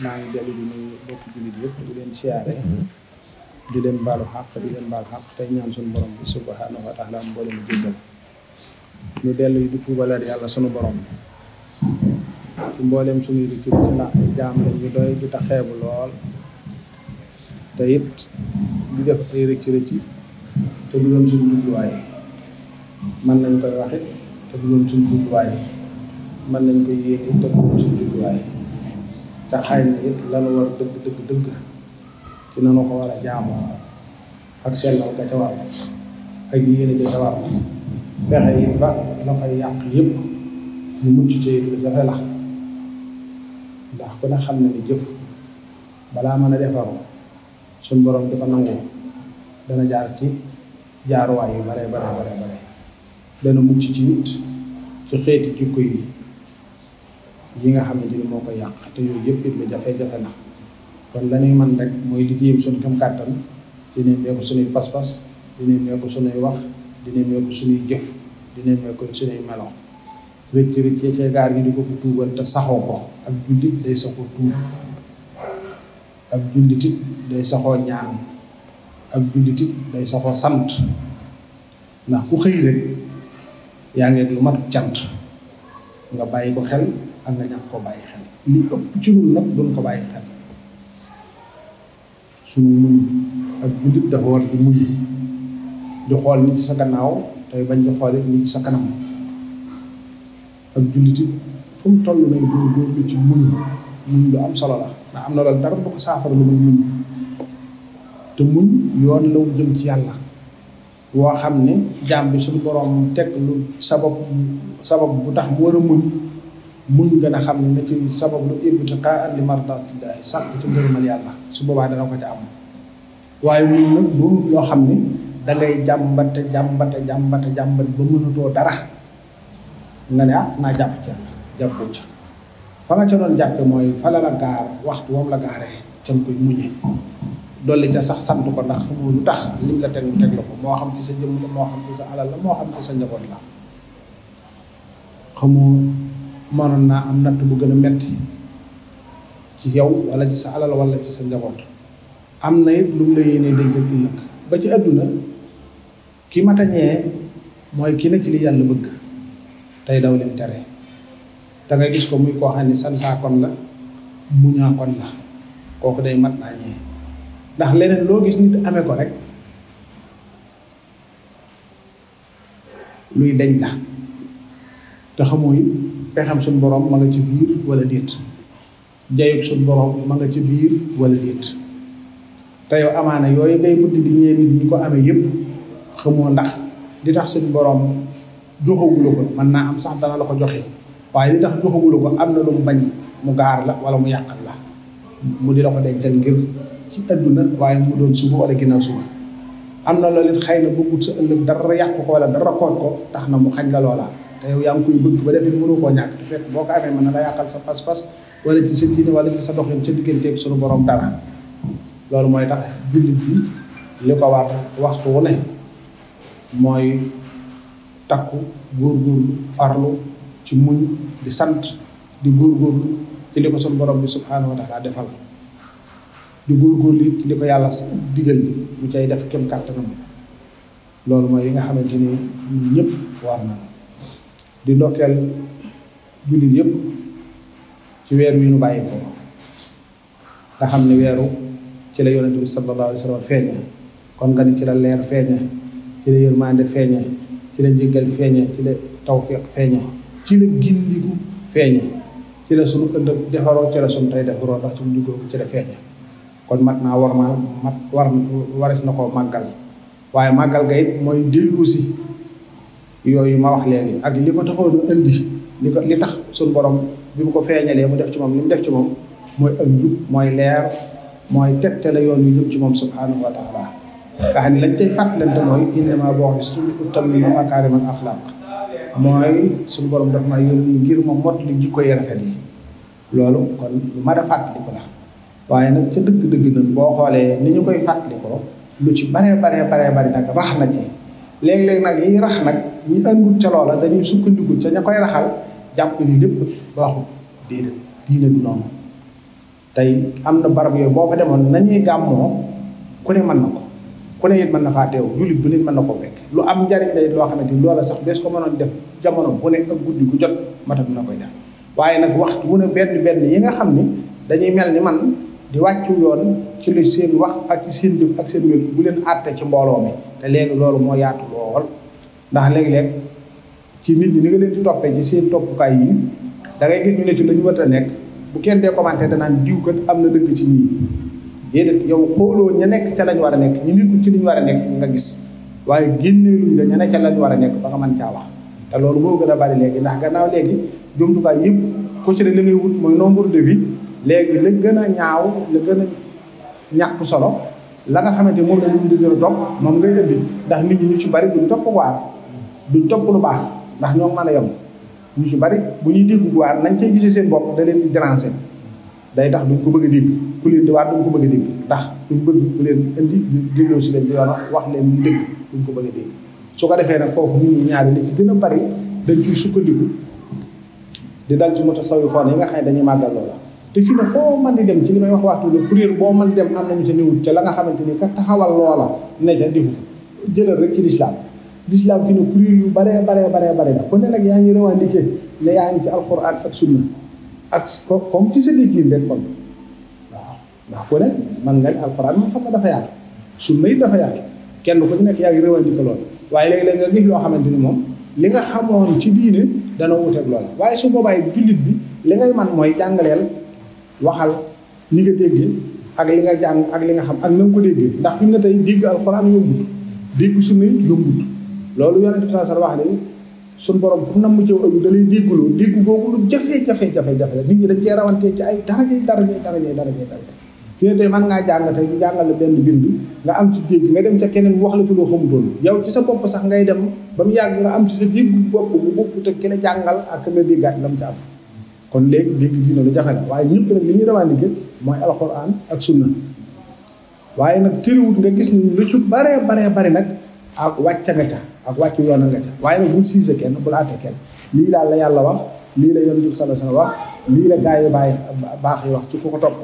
maa ngi dellu di nuyu bokk jullit yëpp di leen siyaare di leen baalu xàq di leen baal xàq tey ñaan suñu borom bi subhanahu wa taala mboolem jéggal ñu dellu di tuubalaat yàlla suñu borom ci mbooleem suñuy rëcc ci na ay jaam lañ ñu doy di taxeebu lool te it di def ay rëcc rëcc te du doon suñu jubluwaay mën nañ koy waxit te du doon suñu jubluwaay nañ koy te du doon suñu jubluwaay te xay na it lanu war dëgg dëgg dëgg ci nanu ko war a jaamoo ak sellal ga ca war ak yéene ja ca war fexe yi ba la koy yàq yépp ñu mucc ci lu jafe la ndax ku ne xam ne ni jëf balaa mën a defaru suñ borom di ko nangu dana jaar ci jaaruwaay yu bare bare bare bare dana mucc ci nit ci xeeti jikko yi yi nga xamante ni moo ko yàq te yooyu yëpp it lu jafe na kon la man mën rek mooy di jéem suñu kam kàttan di nemmeeku suñuy pas-pas di nemmeeku suñuy wax di nemmeeku suñuy jëf di nemmeeku suñuy melo rëcc rëcc gaar gi di ko ko tuubal te saxoo ko ak jullit day saxoo tuub ak jullit it day saxoo ñaan ak jullit day saxoo sant ndax ku xëy rek yaa ngi lu mat cant nga bàyyi ko xel am na ñàkk koo bàyyi xel li ëpp ci ñun nag duñ ko bàyyi xel suñu muñ ak jullit dafa war di muñ di xool ni ci sa gannaaw te bañ di xool it sa kanam ak jullit it fu mu toll góor góor lu ci muñ lu am solo la ndax am na loolu dara du ko saafara lu muy muñ te muñ yoon la jëm ci yàlla woo xam ne jaam bi suñu borom teg lu sabab sabab bu tax mu war a muñ mun gën a xam ne na ci sabab lu ibtiqaa li dana ko ca am waaye mun nag doonut loo xam ne dangay ngay jàmbate jàmbate jàmbate jàmbat ba mënatoo dara nga ne ah naa jàpp ca jàppoo ca fa nga ca doon jàppe mooy fala la gaar waxtu woom la gaaree ca nga koy muñe dolli ca sax sant ko ndax xamoo lu tax lim la teg mu la ko moo xam ci sa jëmm la moo xam ci sa alal la moo xam ci sa njaboot la xamoo mënoon naa am natt bu gën a metti ci yow walla ci sa alal wala ci sa njaboot am na it lu mu la yéenee dénkal ëllëg ba ci àdduna ki mat a ñee mooy ki ne ci li yàlla bëgg tey daw leen tere da gis ko muy koo xam ne santaa la muñaa kon la kooku day mat naa ñee ndax leneen loo gis nit amee ko rek luy deñ la te xamoo pexam suñ borom man nga ci biir wala déet jayub suñ borom man nga ci biir wala déet te yow amaana yooyu ngay mujj di ñee ñi ko amee yépp xamoo ndax di tax suñ borom joxagula ko mën naa am sax dana la ko joxe waaye li tax joxagula ko am na lu mu bañ mu gaar la wala mu yàqal la mu di la ko dencal ngir ci àdduna waaye mu doon suba wala ginnaaw suba am na loolu it xëy na bëggut sa ëllëg dara yàq ko wala dara koot ko tax na mu xañ la loolaa te yow yaa ngi koy bëgg ba def mënoo pas-pas wala ci sa diine wala ci sa doxin digganteeg sunu borom dara loolu mooy tax bi li di sant di góorgóorlu ci li ko sunu borom di góorgóorlu ci li ko yàlla digal mu cay def kem kàttanam loolu mooy nga xamante ni war na di ndokkeel juli yépp ci weer wi ñu bàyyi ko nga xam ne weeru ci la yonente bi sallallahu alayhi sallam feeñe kon nga ni ci la leer feeñe ci la yërmande feeñe ci la njëggal feeñe ci la tawfiq feeñe ci la gindiku feeñe ci la sunu ëndëg defaroo ci la sunu tey defaroo ndax ci duggooku ci la feeñe kon mat naa war ma mat war waris na ko màggal waaye màggal ga it mooy yooyu ma wax léegi ak li ko taxoon a indi li ko li tax suñu borom bi mu ko feeñalee mu def ci moom li mu def ci moom mooy ak njub mooy leer mooy tegtale yoon yu jëm ci moom subhaanahu wa taala nga xam ne lañ cay fàttalante mooy innama bu'istu li utammima makaarima al axlaaq mooy suñu borom daf ma yónni ngir ma mott li jikko yi rafet yi loolu kon lu mën a ko la waaye nag ca dëgg-dëgg nag boo xoolee ni ñu koy fàttalikoo lu ci baree baree baree bari nag baax na ci léeg-léeg nag yi rax nag ñi àndul ca loola dañuy sukkandiku ca ña koy raxal jàpp ni lépp baaxul déedéet diine du noonu tey am na barab yooyu boo ko demoon nañuy gàmmoo ku ne mën na ko ku ne it mën na faa teew jullit bu nit mën na ko fekk lu am njariñ la it loo xamante ni loola sax bés ko mënoon def jamono bu ne ak guddi gu jot matam na koy def waaye nag waxtu wu ne benn benn yi nga xam ni dañuy mel ni man di wàccu yoon ci lu seen wax ak ci seen jëf ak seen wér bu leen àtte ci mbooloo mi te léegi loolu moo yaatu lool ndax léegi léeg ci nit ñi ni nga leen di toppee ci seen toppukaay yi da ngay gis ci lañu war a nekk bu kenn dee commenté danaan diw kat am na dëgg ci ñii déedéet yow xooloo ña nekk ca lañ war a nekk ñu nit ci liñ war a nekk nga gis waaye génneeluñ la ña ne ca lañ war a nekk ba nga caa wax te loolu moo gën a bari léegi ndax gannaaw léegi jumtukaay yëpp ku ci ne li ngay wut mooy nombre de vie léegi la gën a ñaaw la gën a ñàkk solo la nga xamante moom la ñu di gën a topp moom ngay indi ndax nit ñi ñu ci bari duñ topp waar duñ topp lu baax ndax ñoo mën a yomb ñu ci bari bu ñu dégg waar nañ cay gisee seen bopp da leen di déranger day tax duñ ko bëgg a dégg ku leen di waar ko bëgg a dégg ndax duñ bëgg ku leen indi dégloo si leen di yoon wax leen ñu dégg duñ ko bëgg a dégg su ko defee nag foofu ñun ñaari li ci gën a bari dañ ciy sukkandiku di dal ci moto saw yu foon yi nga dañuy màggal te fi na foo mën di dem ci li may wax waxtu ne kuréel boo man di dem am nañu ca néewul ca la nga xamante ni ka taxawal loola ne ca defu jëlal rek ci lislaam lislaam fi ne kuréel yu baree baree baree bare na ku ne nag yaa ngi revendiqué ne yaa ngi ci alxuraan ak sunna ak comme ci sa liggéey rek ndax ku man nga ne alxuraan moom xam nga dafa yaatu sunna it dafa yaatu kenn ku ci nekk yaa ngi revendiqué lool waaye léegi-léeg nga gis loo xamante ni moom li nga xamoon ci diine dana wuteeg lool waaye su boobaa jullit bi li ngay man mooy jàngaleel waxal ni nga déggee ak li nga jàng ak li nga xam ak na nga ko déggee ndax fi mu ne tey dégg alxuraan yombut dégg sunna yombut loolu yonente bi sal wax ne sun borom pour nam ci ayu da lay dégguloo dégg googu lu jafe jafe jafe jafe nit ñi dañ cee rawante ci ay daraje daraje daraje daraje daraje fi ne tey man ngaa jàng tey ñu jàngal la benn bind nga am ci dégg nga dem ca keneen wax la ci loo doon yow ci sa bopp sax ngay dem ba mu yàgg nga am ci sa dégg bopp bu bokkut te ki jàngal ak nga déggaat lam ca am kon léegi dégg diine lu jafe la waaye ñëpp nag li ñuy revendiquer mooy alxuraan ak sunna waaye nag tëriwut nga gis ni lu ci baree baree bari nag ak wàcca nga ca ak wàcc yoon nga ca waaye nag bul siise kenn bul àtte kenn lii daal la yàlla wax lii la yonent bi sallallahu alayhi wasallam wax lii la gaa yi bàyyi baax yi wax ci fu ko topp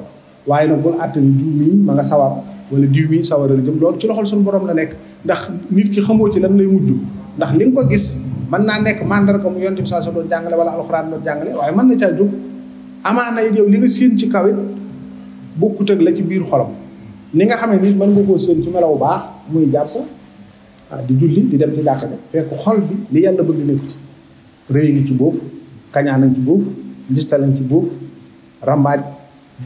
waaye nag bul àtte ni diw mii ma nga sawar wala diw mii sawar la jëm loolu ci loxol suñu borom la nekk ndax nit ki xamoo ci la lay mujj ndax li ko gis man na nek mandar ko mu yonti bi alaihi doon jàngale wala alquran doon jangale waaye man na ca djub amana yi yow li nga seen ci kawit bokkut ak la ci biir xolam ni nga xamé nit man nga ko seen ci melaw baax muy japp di julli di dem ci jàkka ja fekk xol bi li yalla bëgg nekk ci reey ni ci boof kaña nañ ci boof ngistal nañ ci boof rambaaj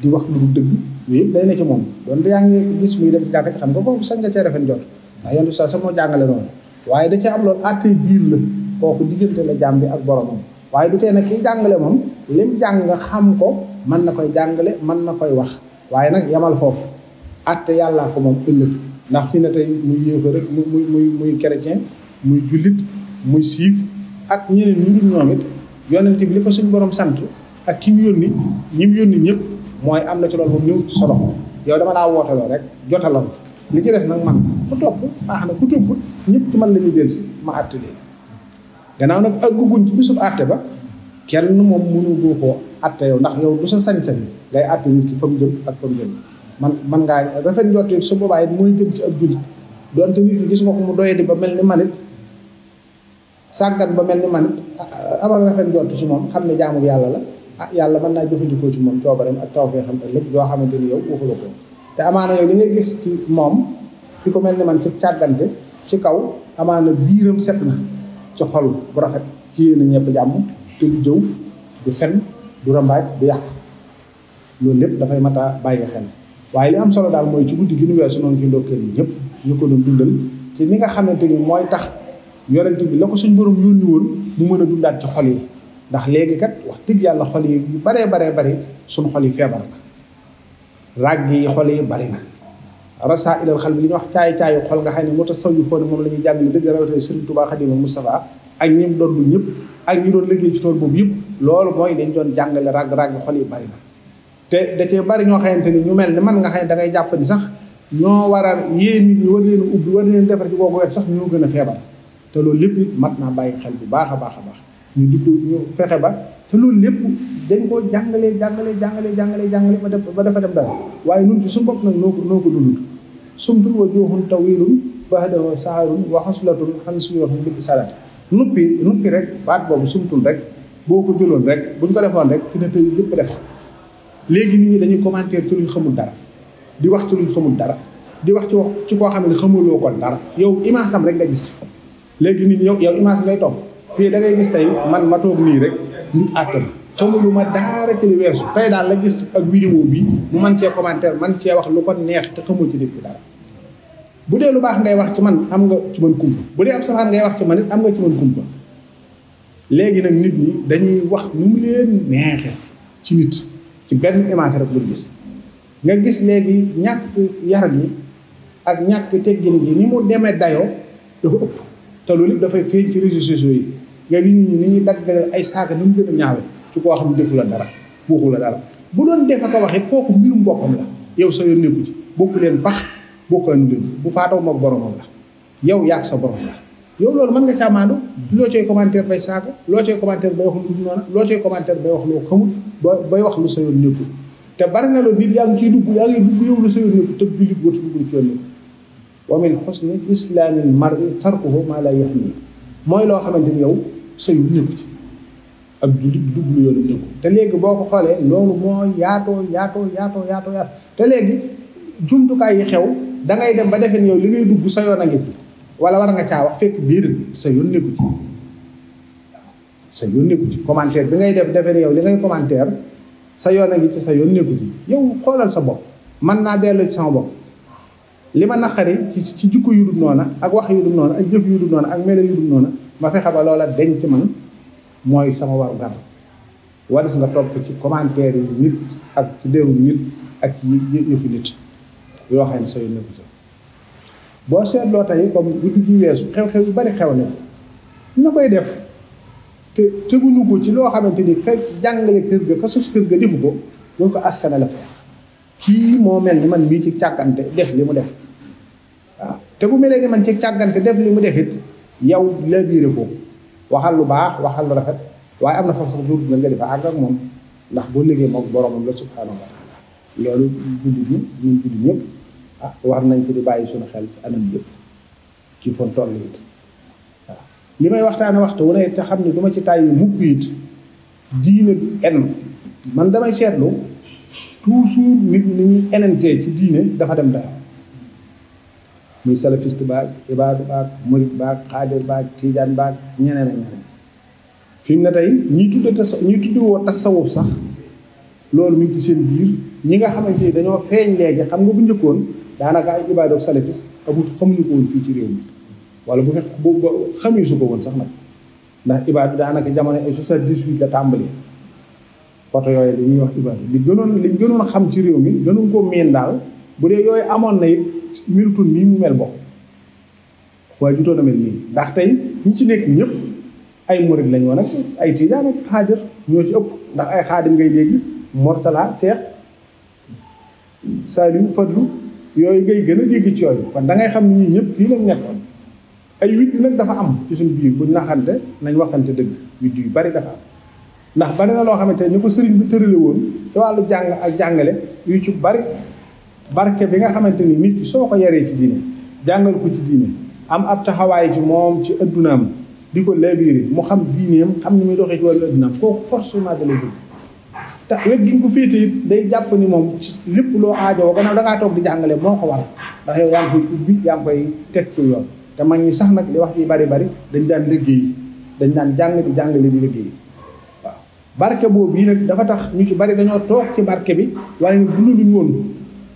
di wax lu dul dëgg yooyu day ne ci don da yaa ngi gis muy dem ci jàkka xam nga kooku nah, sañ nga ci rafen jot ay yalla sa saa moo jàngale noonu waaye da ci am lool àtte biir la kooku diggante la jàmm bi ak boromam waaye du tee nag kiy jàngale moom lim jàng xam ko man na koy jàngale man na koy wax waaye nag yamal foofu atte yàllaa ko moom ëllëg ndax fi na tey muy yéefar rek muy muy muy muy chrétien muy jullit siif ak ñeneen ñu dul ñoom it bi li ko suñ borom sant ak ki mu yónni ñi mu yónni ñëpp mooy am na ci loolu moom ñëw ci yow dama daa wootaloo rek jotaloo li ci des nag man ku topp baax na ku topp ñëpp ci man la ñuy dellusi ma àtt leen gannaaw nag ëgguguñ ci bisub àtte ba kenn moom mënu koo àtte yow ndax yow du sa sañ-sañ ngay àtte nit ki fa mu jëm ak fa mu man man ngaa rafet njorti su boobaa it mooy gën ci ak jullit doonte nit gis nga ko mu doye di ba mel ni manit sàggan ba mel ni manit ah, ah, amal rafet njorti ci moom xam ne jaamu yàlla la ah yàlla mën naa jëfandikoo ci moom coobareem ak taw fee xam ëllëg yoo xamante ni yow waxula ko te amaana yow li ngay gis ci moom ki ko mel ni man ci càggante ci kaw amaana biiram set na ci xol bu rafet ci yéen ñëpp jàmm te du jëw du fen du rambaaj du yàq loolu lépp dafay mat a bàyyi xel waaye li am solo daal mooy ci guddi gi nu weesu noonu ci ndokkeel ñëpp ñu ko doon dundal ci ni nga xamante ni mooy tax yonent bi la ko suñ borom yónni woon mu mën a dundaat ci xol yi ndax léegi kat wax dëgg yàlla xol yi yu baree baree bari suñ xol yi feebar la ràgg yi xol yi bari na rasa ilal xal bi li ñuy wax caay-caayu xol nga xam ne moo tax saw yu foone moom la ñuy jàngale dëgg ñëpp ak liggéey ci tool boobu yëpp loolu mooy dañ doon jàngale ràgg-ràgg xol yi bari na te da ñoo xamante ni ñu mel ne man nga xam da ngay jàpp ni sax ñoo war a yéen nit leen ubbi war leen defar ci googu wet sax ñoo gën a feebar te loolu lépp it mat naa bàyyi xel bu baax a baax a baax ñu di ko ñu fexe ba te loolu lépp dañ koo jàngalee jàngalee jàngalee jàngalee jàngalee ba def ba dafa dem dara waaye ñun ci suñu bopp nag noo ko noo ko dund sumtu wa juuxun tawilun bahdahu saharun wa xaslatun xamsiyoon bi salat nuppi nuppi rek baat boobu sumtul rek boo ko jëloon rek buñ ko defoon rek fi na tëj lépp def léegi nit ñi dañuy commentaire ci luñ xamul dara di wax ci luñ xamul dara di wax ci wax ci koo xam ne xamuloo ko dara yow image am rek nga gis léegi nit yow yow image lay topp fii da ngay gis tey man ma toog nii rek nit àttan xamuñu ma daara ci li weesu tey daal la gis ak vidéo bi mu man cee commentaire man cee wax lu ko neex te xamoo ci nit ki dara bu dee lu baax ngay wax ci man am nga ci man kumpa bu dee am safaan ngay wax ci man it am nga ci man kumpa léegi nag nit ñi dañuy wax nu mu leen neexe ci nit ci benn image rek buñ gis nga gis léegi ñàkk yar yi ak ñàkk teggin gi ni mu demee dayoo dafa ëpp te loolu dafay feeñ ci réseaux sociaux yi nga gis ñi ni ñuy daggale ay saaga nu mu ci koo xam ne defu la dara waxu la dara bu doon def ak a waxee kooku mbirum boppam la yow sa yoon nekku ci bokku leen pax bokku leen bu faataw ma boromam la yow yaag sa borom la yow loolu mën nga caa maandu loo cay commentaire bay saaga loo cay commentaire bay wax lu dul noona loo cay commentaire bay wax loo xamul bay wax lu sa yoon nekkul te bari na loolu nit yaa ngi ciy dugg yaa ngi dugg yow lu sa yoon nekkul te jullit watu dugg ci yoon nekkul wa min xusni islaamil mar'i tarkuhu ma la yaxni mooy loo xamante ni yow sa yoon nekku ci ak jullit dugg lu yoonu dëggu te léegi boo ko xoolee loolu moo yaatoo yaatoo yaatoo yaatoo yaatoo te léegi jumtukaay yi xew dangay dem ba defee yow li ngay dugg sa yoon a wala war nga caa wax fekk biir yoon nekku ci waaw sa yoon ci commentaire bi ngay def defee yow li ngay commentaire sa yoon a ngi ci sa yoon nekku ci yow xoolal sa bopp mën naa dellu ci sama bopp li ma naqari ci ci jikko yu dul noona ak wax yu dul noona ak jëf yu dul ak melo yu dul noona ma fexe ba loola denc man mooy sama waru gar waris nga topp ci commentaire yu nit ak ci déru nit ak yëfu nit yoo xam ne say nëbbu ca boo seetloo tey comme guddi gi weesu xew-xew yu bari xew na ñu koy def te teguñu ko ci loo xamante ni ka jàngale kër ga ka sos kër ga defu ko buñ ko askanale ko kii moo mel ni man mii ci càggante def li mu def waaw te bu melee ni man ci càggante def li mu def it yow la biire ko waxaan lu baax waxaan lu rafet waaye am na foofu sax jur dina nga defe àgg ak moom ndax boo liggéey moom boromam la subhaanahu wa taala loolu jullit ñi ñun jullit ñëpp ah war nañ ci di bàyyi suñu xel ci anam yëpp ci fon toll it waaw li may waxtaane waxtu wu ne te xam ne du ma ci tàyyi mukk it diine du en man damay seetlu toujours nit ñi ni ñuy enante ci diine dafa dem dara muy salafiste baag ibaadu baag murid baag xaadir baag tiijaan baag ñeneen ak ñeneen fi mu ne tey ñi tudde tasa ñi tudde woo tasawuf sax loolu mu ngi ci seen biir ñi nga xamante ni dañoo feeñ léegi xam nga bu njëkkoon daanaka ay ibaadu ak salafis amul xamuñu ko fii ci réew wala bu fekk bu xamee su ko woon sax nag ndax ibaadu daanaka jamono ay soixante-dix-huit la tàmbali foto yooyu dañuy wax ibaadu li gënoon li gënoon xam ci réew mi gënoon koo miin daal bu dee yooyu amoon na it pour nii mu mel bokk waaye du toon a mel nii ndax tey ñi ci nekk ñëpp ay murid lañ woon ak ay tiijaan ak xaajar ñoo ci ëpp ndax ay xaadim ngay dégg mortala seex saaliyu fadlu yooyu ngay gën a dégg ci yooyu kon da ngay xam ni ñëpp fii lañ nekkoon ay witt nag dafa am ci suñu biir buñ naxante nañ waxante dëgg witt yu bari dafa am ndax bari na loo xamante ne ñu ko sëriñ bi tërale woon ci wàllu jàng ak jàngale yu ci bari barke bi nga xamante ni nit ki soo ko yaree ci diine jàngale ko ci diine am ab taxawaay ci moom ci addunaam di ko labiré mu xam diineem xam ni muy doxee ci wàllu addunaam kooku forcément da lay te wet gi nga ko féete day jàpp ni moom lépp loo aajoo gannaaw da di jàngale moo ko waral ndax yow koy ubbi yaa ngi koy teg ci yoon te mag ñi sax nag li wax ji bari bari dañ daan liggéey dañ daan jàng di jàngale bi liggéey barke boobu yi nag dafa tax ñu ci bari dañoo toog ci barke bi waaye nag dund luñ woon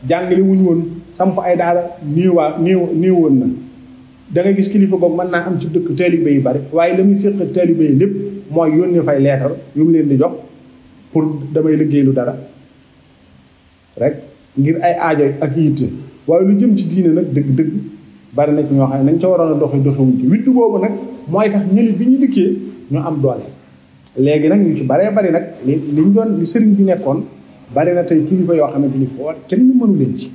jàngale wuñ woon samp ay daal niiwaa niiw niiw woon na da gis kilifa googu mën naa am ci dëkk taalibe yu bari waaye la muy séq ak taalibe yi lépp mooy yónnee fay leetal yu mu leen di jox pour damay liggéey lu dara rek ngir ay aajo ak yitte waaye lu jëm ci diine nag dëgg-dëgg bari nag ci ñoo xam ne nañ ca waroon a doxi doxiwuñ ci witt boobu nag mooy tax ñëli bi ñu dikkee ñu am doole léegi nag ñu ci baree bari nag li liñ doon li sëriñ bi nekkoon bari na tay kilifa yo xamanteni fo foor kenn mënu leen ci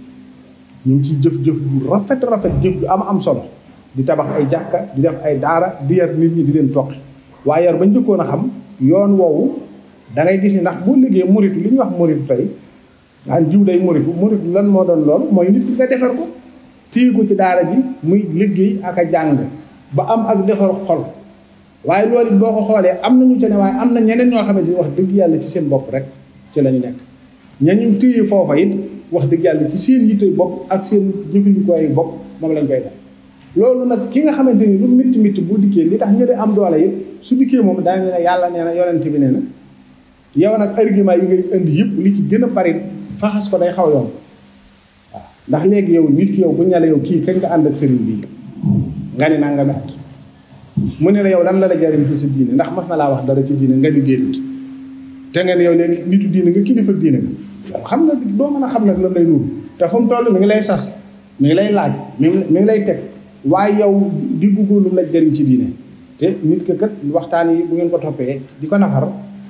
ñu ci jëf jëf bu rafet rafet jëf bu am am solo di tabax ay jakka di def ay daara di yar nit ñi di leen tok wa yar bañ jikko na xam yoon woowu da ngay gis ni ndax bo liggé mouride li ñu wax mouride tay naan jiw day mouride mouride lan mo doon lool moy nit ki nga defar ko tiigu ci daara ji muy liggé ak a jàng ba am ak defar xol waye loolu boko xolé am na ñu ca ne waaye am na ñeneen ño xamanteni wax deug yalla ci seen bop rek ci lañu ñu nekk ñañu téye foofa it wax dëgg yàlla ci seen yitte bopp ak seen jëfandikuwaay bopp moom lañ koy def loolu nag ki nga xamante ni lu mitti mitti bu dikkee li tax ñële am doole it su dikkee moom daañu ne yàlla nee na yonent bi nee yow nag argument yi ngay indi yëpp li ci gën a bari faxas ko day xaw ndax léegi yow nit yow bu ñale yow kii kañ nga ànd ak sëriñ bi nga ni mu ne la yaw lan la la jariñ ci sa diine ndax mas na laa wax dara ci diine nga ni déedéet te nga ne yow léegi nitu diine nga kilifa diine nga xam nga doo man a xam nag loolu lay nuru te fu mu toll mi ngi lay sas mi ngi lay laaj mi ngi lay teg waaye yow di bugg lu la jëriñ ci diine te nit ki kat waxtaan yi bu ngeen ko toppee di ko nafar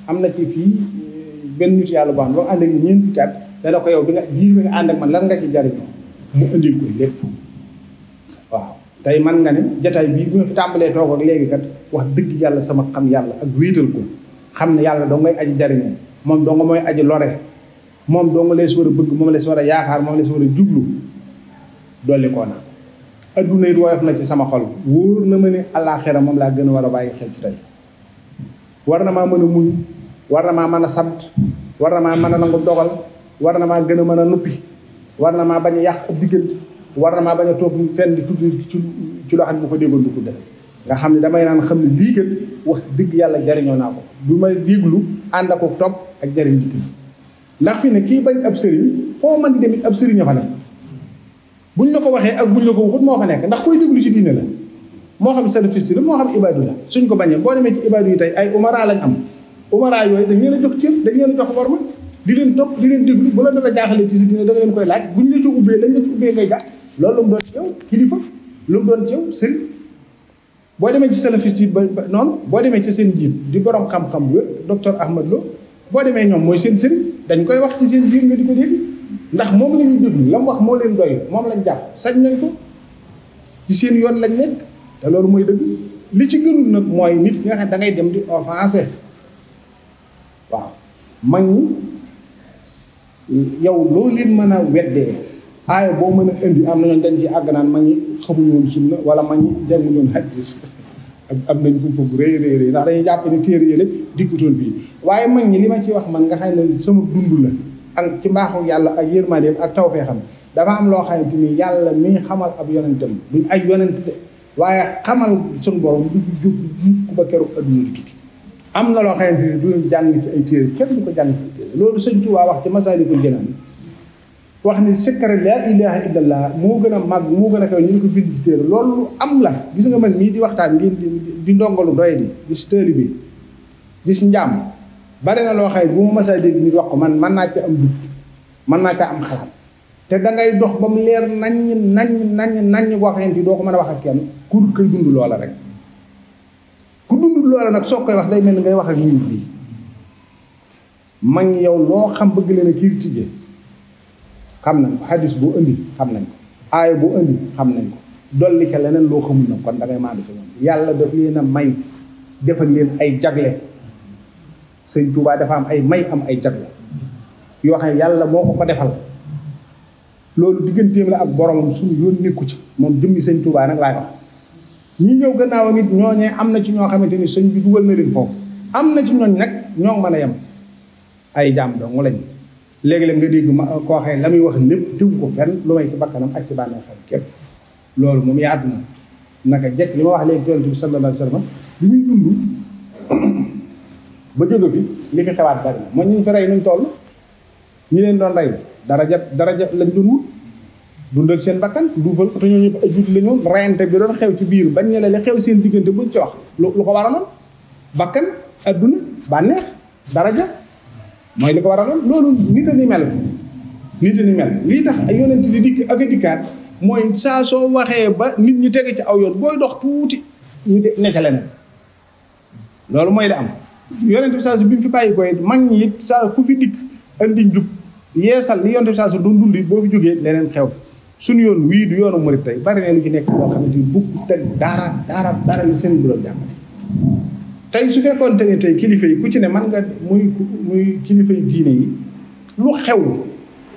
am na ci fii eh, benn nit boo xam ne boo ànd ak ñeent fukki ko yow bi nga diir ànd man lan nga ci jariñoo mu indil ko lépp waaw tey man nga ne jataay bii bu ma fi tàmbalee toog ak léegi kat wax dëgg yàlla sama xam yàlla ak wéetal ko xam ne yàlla doo ngay aji jariñoo moom doo nga mooy aji lore moom doo nga lees war a bëgg moom lees war a yaakaar moom lees war a jublu dolli koo na adduna it na ci sama xol na ma ne àllaaxira moom laa gën a war a bàyyi xel na maa mën a muñ war na maa mën a sant war na maa mën a nangu dogal war na maa gën a mën a nuppi war na maa bañ a yàq ab war na maa bañ a toog fenn di tudd ci ci loo xam bu ko déggoon du ko def nga xam ne damay naan xam ne lii kat wax dëgg yàlla jariñoo naa ko du may déglu ànd ak ko topp ak jariñ ji ndax fi ne kii bañ ab sëriñ foo mën di demit ab sëriñ a fa nekk buñ la ko waxee ak buñ la ko waxut moo fa nekk ndax koy déglu ci diine la moo xam salafiste la moo xam ibaadu la suñ ko bañee boo demee ci ibaadu yi tey ay umara lañ am umara yooyu dañ leen a jox cër dañ leen a jox warma di leen topp di leen déglu bu la dara jaaxalee ci si diine da nga leen koy laaj buñ la ci ubbee lañ la ci ubbee ngay jàpp loolu lu mu doon ci yow kilifa lu mu doon ci yow sëriñ boo demee ci salafiste yi ba noonu boo demee ci seen jiit di borom xam-xam wér docteur Ahmad Lo boo demee ñoom mooy seen sëriñ dañ koy wax ci seen biir nga di ko dégg ndax moom la ñuy déglu wax moo leen doy moom lañ jàpp sañ nañ ko ci seen yoon lañ nekk te loolu mooy dëgg li ci gënul nag mooy nit ki nga dangay dem di offensé waaw mag ñi yow loo leen mën a weddee aaya boo mën a indi am na ñooñ dañ ci àgg naan mag ñi xamuñu woon sunna wala mag ñi jànguñu woon hadis ak am nañ ko bëgg rëy rëy rëy ndax dañuy jàpp ne téere yële dikkutoon fii waaye mag ñi li ma ci wax man nga xay ne sama dund la ak ci mbaaxu yàlla ak yërmandeem ak tawfeexam dafa am loo xamante ni yàlla mi xamal ab yonentam duñ ay yonent de waaye xamal suñu borom du fi jóg ku ba keroog adduna di tukki am na loo xamante du duñ jàng ci ay téere kenn du ko jàng ci ay téere loolu sëñ Tuubaa wax ci Masaalikul Jinaan wax ni secret la ilaha illallah moo gën a màgg moo gën kaw ñu ko bind ci téere loolu lu am la gis nga man mi di waxtaan ngeen di ndongalu doy di di tëri bi gis ñam bare na lo xay bu mu masaa dégg ni wax ko man man na ci am dug man na ca am xalaat te da ngay dox bam leer nañ nañ nañ nañ di do ko mëna wax ak kenn kur kay dund loola rek ku dund loola nak soo koy wax day mel ngay wax ak nit bi mag yow lo xam bëgg leen a xam nañ ko hadis boo indi xam nañ ko aaya boo xam nañ dolli ca leneen loo xamul nag kon da ngay ci moom yàlla daf leen a may defal leen ay jagle sëñ Tuubaa dafa am ay may am ay jagle yoo yàlla moo ko ko defal loolu digganteem ak boromam suñu yoon nekku ci moom jëmmi sëñ nag laay wax ñëw gannaaw nit ñooñee am na ci ñoo xamante ni sëñ bi dugal na leen foofu am na ci ñooñ nag ñoo mën a yem ay jaam dong lañ léegi-léeg nga dégg ma koo xëy la muy wax lépp tiw ko fenn lu may ci bakkanam ak ci bànneexam képp loolu moom yaa àdduna naka jekk li ma wax léegi yonent bi sallallahu alayhi wa sallam li muy dund ba jóge bi li fi xewaat bari na mooy ñu fi rey nuñ toll ñi leen doon rey daraja daraja lañ doon wut dundal seen bakkan duufal ko te ñoo ñëpp ay juuti la reyante bi doon xew ci biir bañ ne xew seen diggante buñ ci wax lu ko waraloon bakkan adduna bànneex daraja mooy li ko waraloon loolu nit a ni mel nit a ni mel lii tax ay yonent di dikk ak a dikkaat mooy saa soo waxee ba nit ñi tege ci aw yoon booy dox tuuti ñu de nekk leneen loolu mooy li am yonent bi saa su bi mu fi bàyyi koy mag ñi it saa ku fi dikk andi njub yeesal li yonent bi saa su doon dund boo fi jógee leneen xew fi suñu yoon wii du yoonu murit tey bari na lu ci nekk xam xamante ni bukk te dara dara dara li seen bu doon jàppale tey su fekkoon te ne tey kilifa yi ku ci ne man nga muy muy kilifa yi diine yi lu xew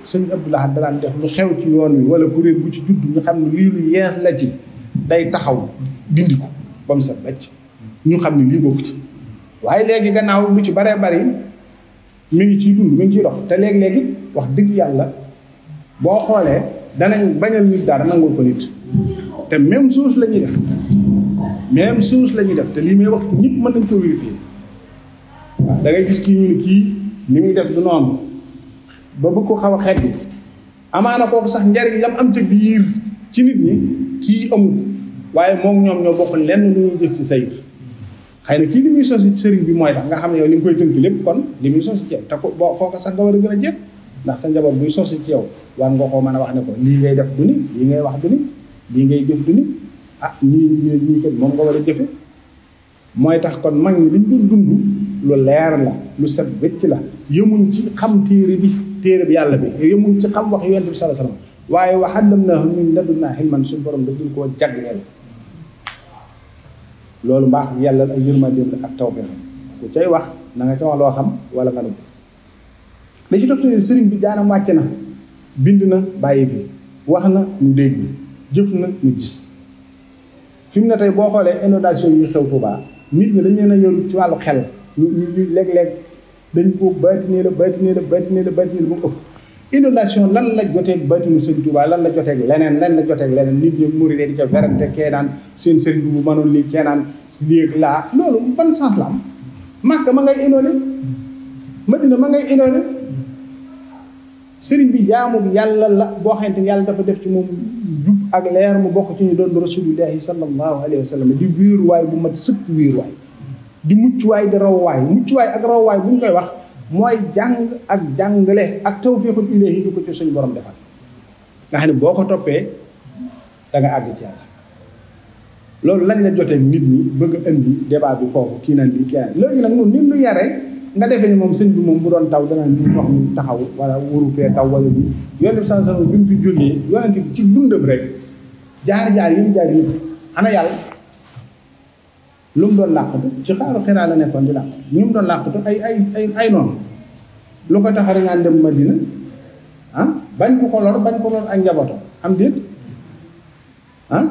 sëñ Abdou Lahad daan def lu xew ci yoon wi wala kuréel bu ci judd ñu xam ne lii lu yees la ci day taxaw dindi ko ba mu set ñu xam ne lii bokku ci waaye léegi gannaaw lu ci baree bari mi ngi ciy dund mi ngi ciy dox te léegi-léegi wax dëgg yàlla boo xoolee danañ bañal nit dara nangul ko nit te même chose lañuy ñuy def même chose la ñuy def te lii may wax ñëpp mën nañ ko vérifier da ngay gis kii ñu ne kii li muy def du noonu ba bëgg ko xaw a xeet amaana kooku sax njariñ lam am ca biir ci nit ñi kii amul waaye moom ñoom ñoo bokk lenn lu ñuy jëf ci sayir xëy ki kii li muy sosi bi mooy tax nga xam ne yow li nga koy tënk lépp kon li muy sosi ci yow te ko boo sax nga war a gën a jekk ndax sa njaboot buy sosi ci yow war nga koo mën a wax ne ko lii ngay def du ni li ngay wax du ni li ngay jëf du ni ah nii nii nii moom nga war a jëfe mooy tax kon mag ñi liñ doon dung lu leer la lu set wecc la yemuñ ci xam téere bi téere bi yàlla bi yemuñ ci xam wax yonent bi sallallahu alayhi wasallam waaye waxandam naa ñun ne dund naa xilman suñu borom daf ñu koo jagleel loolu mbaax yàlla ak yërmandeem ak tawfeex ku cay wax na ca wax xam wala nga dugg li ci doftale sëriñ bi jaanam wàcc na bind na bàyyi fi wax na ñu dégg jëf na ñu gis. fi mu ne tey boo xoolee inondation yi xew Touba nit ñi dañ leen a yoru ci wàllu xel ñu ñu léeg-léeg dañ ko baatine la baatine la baatine la baatine la ba mu ëpp inondation lan la joteeg baatinu sëñ Touba lan la joteeg leneen lan la joteeg leneen nit ñi muri di ca werante kee naan seen sëriñ bu mënoon lii kee naan lii laa loolu ban sens la am Màkka ma ngay inondé Madina ma ngay inondé sëriñ bi jaamu yàlla la boo xamante ni yàlla dafa def ci moom ak leer mu bokk ci ñu doon rasulullahi sallallahu alayhi wa sallam di wiiruwaay bu mat sëkk wiiruwaay di muccuwaay di rawwaay muccuwaay ak rawwaay bu ñu koy wax mooy jàng ak jàngale ak tawfiqul ilahi ñu ko ci suñu borom defal nga ne boo ko toppee da àgg ci loolu lañ la jotee nit ñi bëgg indi débat bi foofu kii naan kii naan léegi nag ñun nit ñu yare nga defee ni moom sëñ bi moom bu doon taw dana li wax ni taxaw wala waru fee taw wala bi yonent bi sallallahu alayhi wasallam bi mu fi jógee yonent bi ci dundam rek jaar-jaar yi mu jaar yëpp ana yàlla lu doon làqatu ci xaaru xiraa la nekkoon di làqatu ñu doon làqatu ay ay ay noonu lu ko tax a ngaan dem Madina ah bañ ko ko lor bañ ko lor ak njabootam am déet ah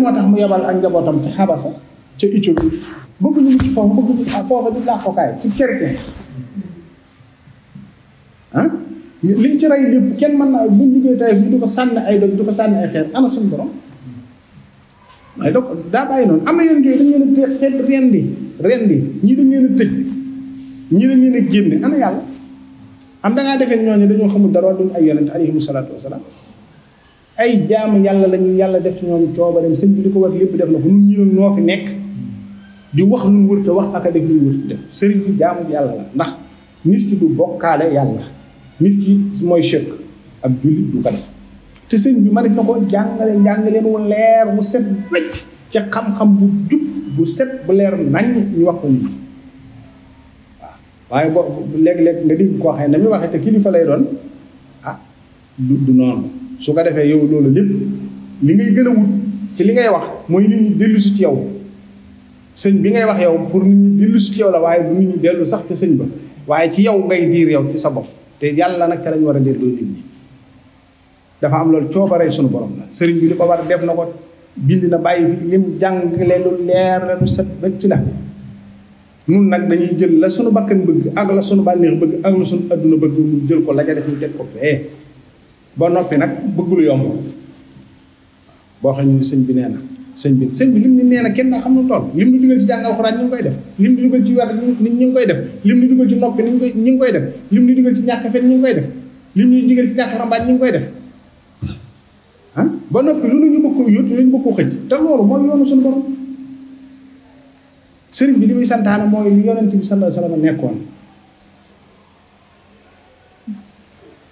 moo tax mu yebal ak njabootam ci xabasa ca Éthiopie bëgg ñu ah, ci foofu bëgg ñu foofa di làqokaay ci chrétien ah liñ ci ray lépp kenn man na bu ñu tey tay di ko sànni ay dog di ko sànni ay xéer ana suñu borom waaye donc da bay non am na yeen yooyu dañu leen a xeet rendi rendi ñi dañu leen a ñi ñii dañu leen a ana yalla am da defé ñoo ñooñu dañu xamul dara duñ ay yeenante alayhi salatu wassalam ay jaamu yalla lañu yalla def ci ñoom coobareem señ bi diko wat lepp def na ko ñun ñi ñu no fi nekk di wax ñun wër wax ak def lu wër def señ bi jaamu yalla la ndax nit ki du bokkaale yalla nit su mooy chèque ak jullit du ko def te sëñ bi ma ne na ko jàngale njàngale mu leer bu set wecc ca xam-xam bu jub bu set bu leer nañ ñu wax ko nit waaw waaye bo léeg-léeg nga dégg koo xam ne na muy waxee te kilifa lay doon ah du du noonu su ko defee yow loolu lépp li ngay gën wut ci li ngay wax mooy nit ñi dellu si ci yow sëñ bi ngay wax yow pour nit ñu dellu si ci yow la waaye bu nit ñi dellu sax ci sëñ ba waaye ci yow ngay diir yow ci sa bopp te yàlla nag ca lañu war a leer loolu nit ñi dafa am loolu coobaree sunu borom la sëriñ bi li ko war def na ko bind na bàyyi fi lim jàngale lu leer la lu set bëcc la nun nag dañuy jël la sunu bakkan bëgg ak la sunu bànneex bëgg ak la sunu adduna bëgg mu jël ko la ca def ñu teg ko fee ba noppi nag bëgg lu yomb boo xam ne sëñ bi nee na sëñ bi sëñ bi lim ni nee na kenn daa xam nu toll lim ni dugal ci jàng alxuraan ñu ngi koy def lim ni dugal ci werd ni ñu koy def lim ni dugal ci noppi ni ñu koy def lim ni dugal ci ñàkk fen ñu koy def lim ni dugal ci ñàkk rambaaj ñu ngi koy def ah ba noppi lu ñu bëgg ko yóot lu ñu bëgg ko xëcc te loolu mooy yoonu bi li muy santaane mooy li yonent bi sallallahu alayhi wa sallam nekkoon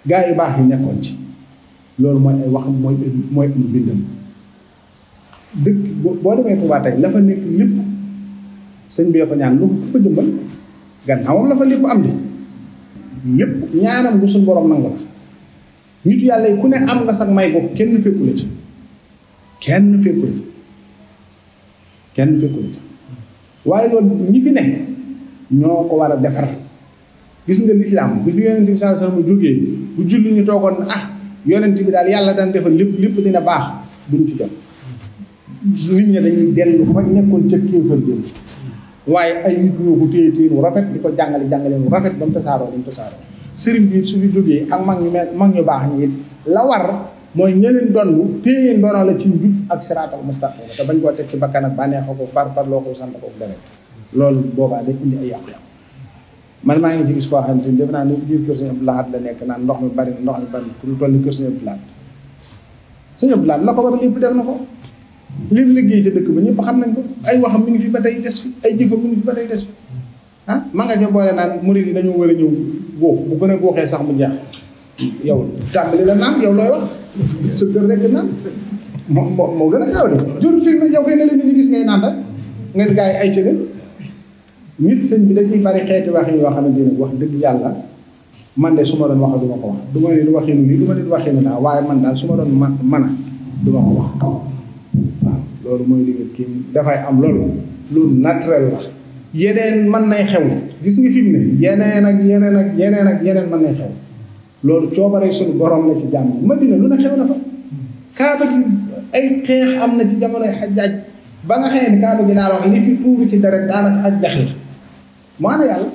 gaa yu baax yi nekkoon ci loolu mooy ay waxam mooy mooy am bindam dëkk boo demee Touba tey la fa nekk lépp sëñ bi ko ñaan lu ko jëmbal gannaawam la fa lépp am di yépp ñaanam bu suñ borom nangu la nitu yàlla yi ku ne am nga sax may ko kenn fekku ci kenn fekku la ci kenn waaye loolu ñi fi ne ñoo ko war a defar gis nga lislaam bi fi yonent bi sallallahu alayhi wasallam jógee bu julli ñu toogoon ah yonent bi daal yàlla daan defal lépp lépp dina baax duñ ci jot nit ñi dañuy dellu fa nekkoon ca kéefal jëm waaye ay nit ñoo ko téye téye rafet di ko jàngale jàngale mu rafet ba mu tasaaroo ba mu tasaaroo sëriñ bi su fi jógee ak mag ñu mel mag ñu baax ñi la war mooy ñeneen dondu téye ndono la ci njub ak siraat ak mustaqim te bañ koo teg ci bakkan ak bànneex ko par par loo ko sant ko deret loolu boobaa day indi ay yàqu-yàqu man maa ngi ci gis koo xamante ni def naa ne biir kër sëñ Abdou la nekk naan ndox mi bari ndox mi bari ku toll ni kër sëñ Abdou Lahad sëñ la ko war lépp def na ko lim liggéey ci dëkk ba ñëpp xam nañ ko ay waxam mi ngi fi ba tey des fi ay jëfam mi ngi fi ba tey des fi ah nga ca boole naan murid yi dañoo war a ñëw góob bu gën a góoxee sax mu jaax yow tàmbali la naan yow looy wax sa kër rek naan moo moo moo gën a gaaw de jur fi mu yow kay ne la nit gis ngay naan rek ngeen gaa yi ay cële nit sëñ bi dañuy bari xeeti wax yi yoo xamante ne wax dëgg yàlla man de su ma doon wax du ko wax du ma leen waxee nu lii ma leen waxee nu laa waaye man daal su ma doon mën a du ma loolu mooy liggéey kii dafay am loolu lu naturel la yeneen mën nay xew gis nga fi mu ne yeneen ak yeneen ak yeneen ak yeneen mën nay xew loolu coobare suñu borom la ci jàmm ma lu ne xew fa kaaba gi ay na ci jamonoy xajaaj ba nga xëyee ni kaaba fi tuuru ci deret daanaka xaj jaxir mu ana yàlla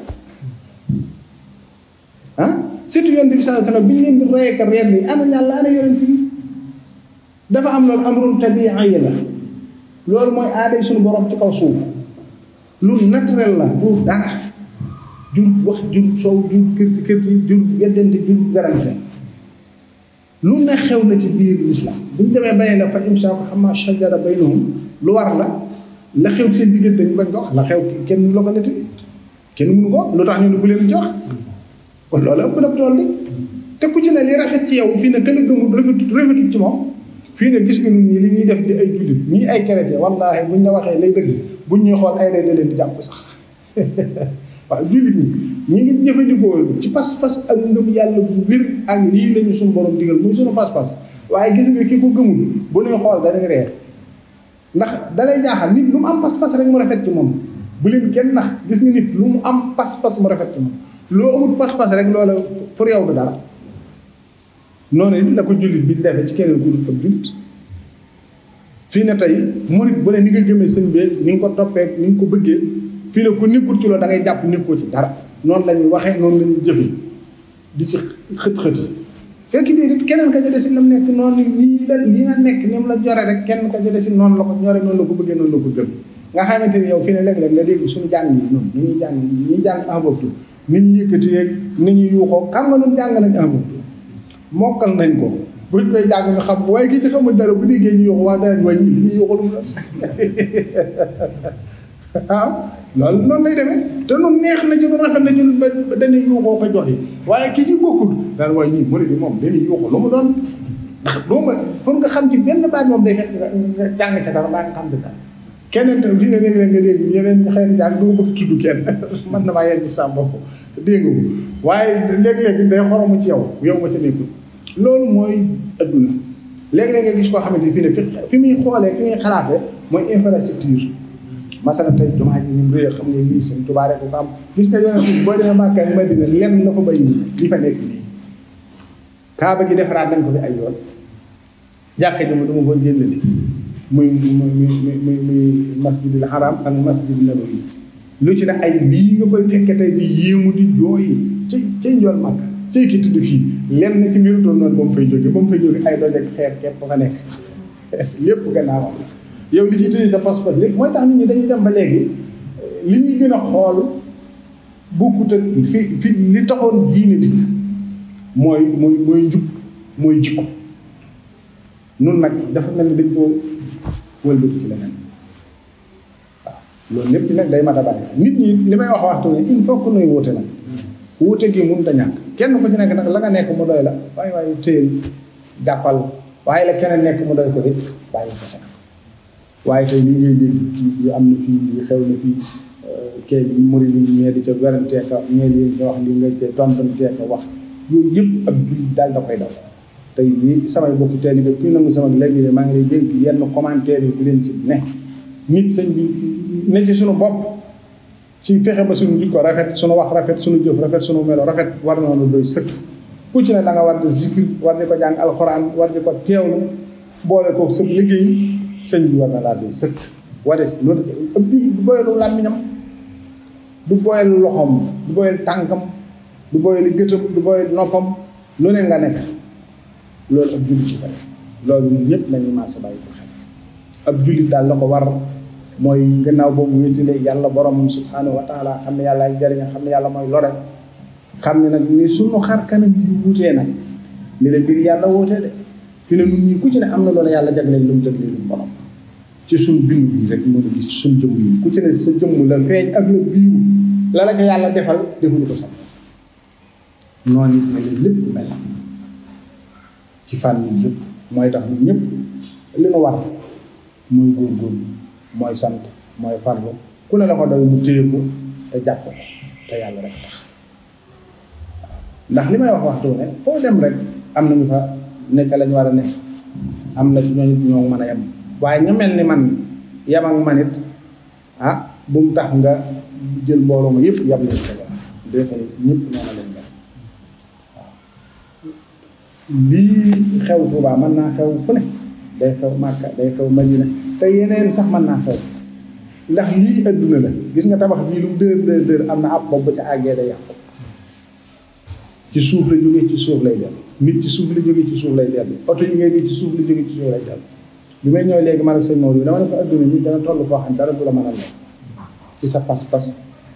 ah surtout bi saa sana bi ñu leen di rey reen bi ana yàlla ana yonent bi dafa am loolu amrun tabiiyi la loolu mooy aaday suñu borom ci kaw suuf lu naturel la pour dara jur wax jur soow jur kërti kërti jur yeddante jur garante lu ne xew na ci biir lislaam bu ñu demee bayee la fa imsaaku xamaa shajara baynahum lu war la la xew seen diggante ñu bañ ko wax la xew kenn mënu la ko netti kenn mënu ko lu tax ñu ne bu leen ci wax kon loolu ëpp na tool li te ku ci ne li rafet ci yow fii ne gën a gëmul rafetut rafetut ci moom fii ne gis nga nit ñi li ñuy def di ay jullit ñii ay chrétien wallaahi buñ la waxee lay dëgg buñ ñuy xool ay reen da leen di jàpp sax waaw jullit ñi ñi ngi jëfandikoo ci pas-pas ak ngëm yàlla bu wér ak lii lañu suñu borom digal muy suñu pas-pas waaye gis nga ki ko gëmul bu lay xool dañuy reer ndax dalay jaaxal nit lu mu am pas-pas rek mu rafet ci moom bu leen kenn nax gis nga nit lu mu am pas-pas mu rafet ci moom loo amul pas-pas rek loola pour yow du dara noonu it la ko bi defee ci keneen ku dul ab jullit fii ne tey murit bu ne ni nga gëmee sëñ bi ni nga ko ni nga ko bëggee fii ne ku nekkul ci loolu da ngay jàpp nekkoo ci dara noonu la ñuy waxee noonu la ñuy jëfee di ci xët-xët yi fekk dee nit keneen ka jëlee si lam nekk noonu nii la nii nga nekk ni mu la jore rek kenn ka jëlee si noonu la ko ñore noonu la ko bëggee noonu la ko gëm nga xamante ni yow fii ne léeg-léeg nga dégg suñu jàng yi noonu ni ñuy jàng ni ñuy jàng ahbabtu ni ñu yëkkati yeeg ni ñuy yuuxoo xam nga noonu jàng nañ ahbabtu mokkal nañ ko buñ koy jàng nga xam waaye ki ci xamul dara bu déggee ñu yuuxu waa dara waaye ñi ñu yuuxu ah, loolu noonu lay demee te lu neex na ci lu rafet na ñun ba dañuy yuuxoo ko jox waaye ki ci bokkul daan ñii mu bi moom dañuy yuuxu lu doon ndax doo ma xam ci benn baat moom day fekk nga jàng ca dara baa nga xam ci dara keneen tam fii ne léegi nga dégg ñeneen xëy na jàng du bëgg tudd kenn man na maa yegg ci sa bopp dégg nga waaye léeg-léeg day xoromu ci yow yow ma ca nekkul loolu mooy adduna léeg-léeg nga gis koo xamante fii ne fi fi muy xoolee fi muy xalaatee mooy infrastructure masala tey jumaa ji ñun réew xam nga lii seen ko am gis nga yoon boo demee lenn na ko bay nii li fa nekk gi defaraat nañ ko ay yoon jàkka ji ma du ma ko jëndali muy muy muy muy muy masjidil haram ak masjid nabawi lu ci ne ay lii nga koy fekke tey di yéemu di jooyi ci ci njool Màkka cey ki tudd fii lenn ci mbiru doon noonu ba mu fay jóge ba mu fay jóge ay doj ak xeer képp fa nekk lépp gannaawam yow li ci tudd sa passeport lépp mooy tax ñi dañuy dem ba léegi eh, li ñuy gën a xool bokkut ak fi fi li taxoon diine dikk mooy mooy mooy njub mooy jikko nun nag dafa mel ni dañ koo wëlbati ci leneen waaw loolu lépp nag day mat a bàyyi nit ñi li may wax waxtu ne il faut que nuy wuute nag wuute gi mun ta kenn ku ci nekk nag la nga nekk mu doy la waaye waaye téyel jàppal waaye la keneen nekk mu doy ko it waaye tey lii ngay dégg kii am na fii lii xew na fii euh, kay muri bi ñee di ca werantee ka ñee di ca wax li nga ca tontantee ka wax yooyu yëpp ak jullit daal da koy daw tey lii samay bokki tey bi kuy nangu sama léegi de maa ngi lay dégg yenn commentaire yi leen ci ne nit sëñ bi ne ci suñu bopp ci fexe ba suñu ko rafet suñu wax rafet suñu jëf rafet suñu melo rafet war noonu doy sëkk ku ci ne da nga war di zikir war di ko jàng alxuraan war di ko teewlu boole ko sa liggéey sëñ bi war na laa doy sëkk wares loolu loxoom du tànkam du boyel gëtam du boyel noppam nga nekk loolu ab jullit ci loolu daal la ko war mooy gannaaw boobu wéetile yàlla borom subhaanahu wa taala xam ne yàlla ay jariñ xam ne yàlla mooy lore xam ne nag ni sunu xar kanam yu wuutee nag ni la mbir yàlla wootee de fi ne nun ñii ku ci ne am na loolu yàlla jagleel lu mu jagleel lu borom ci suñ bind bi rek mën a ku ci ne sa jëmm la feeñ ak la biiru la la defal defuñu ko sax noonu it mel ni lépp mel ñëpp li nu war mooy sant mooy farlu ku ne la ko doy mu téye ko te jàpp ko te yàlla rek ndax li may wax waxtu ne foo dem rek am na ñu fa nekk la war a ne am na ñoo nit a yem waaye ñu mel ni man yem ak man it ah bu tax nga jël mbooloo ma yëpp yem nañ ko ba dégg xew Tuubaa mën naa xew fu ne day xew Màkka day xew Madina te yeneen sax man naa xew ndax lii adduna la gis nga tabax bii lu mu dër dër dër am na ab bopp ba ca àggee da yàqu ci suuf la jógee ci suuf lay dem nit ci suuf la jógee ci suuf lay dellu oto yi ngay ci suuf la jógee ci suuf lay dellu bi may ñëw léegi man ak sëñ Maodo dama ne ko adduna bi dana toll foo xam dara du la mën a lor ci sa pas-pas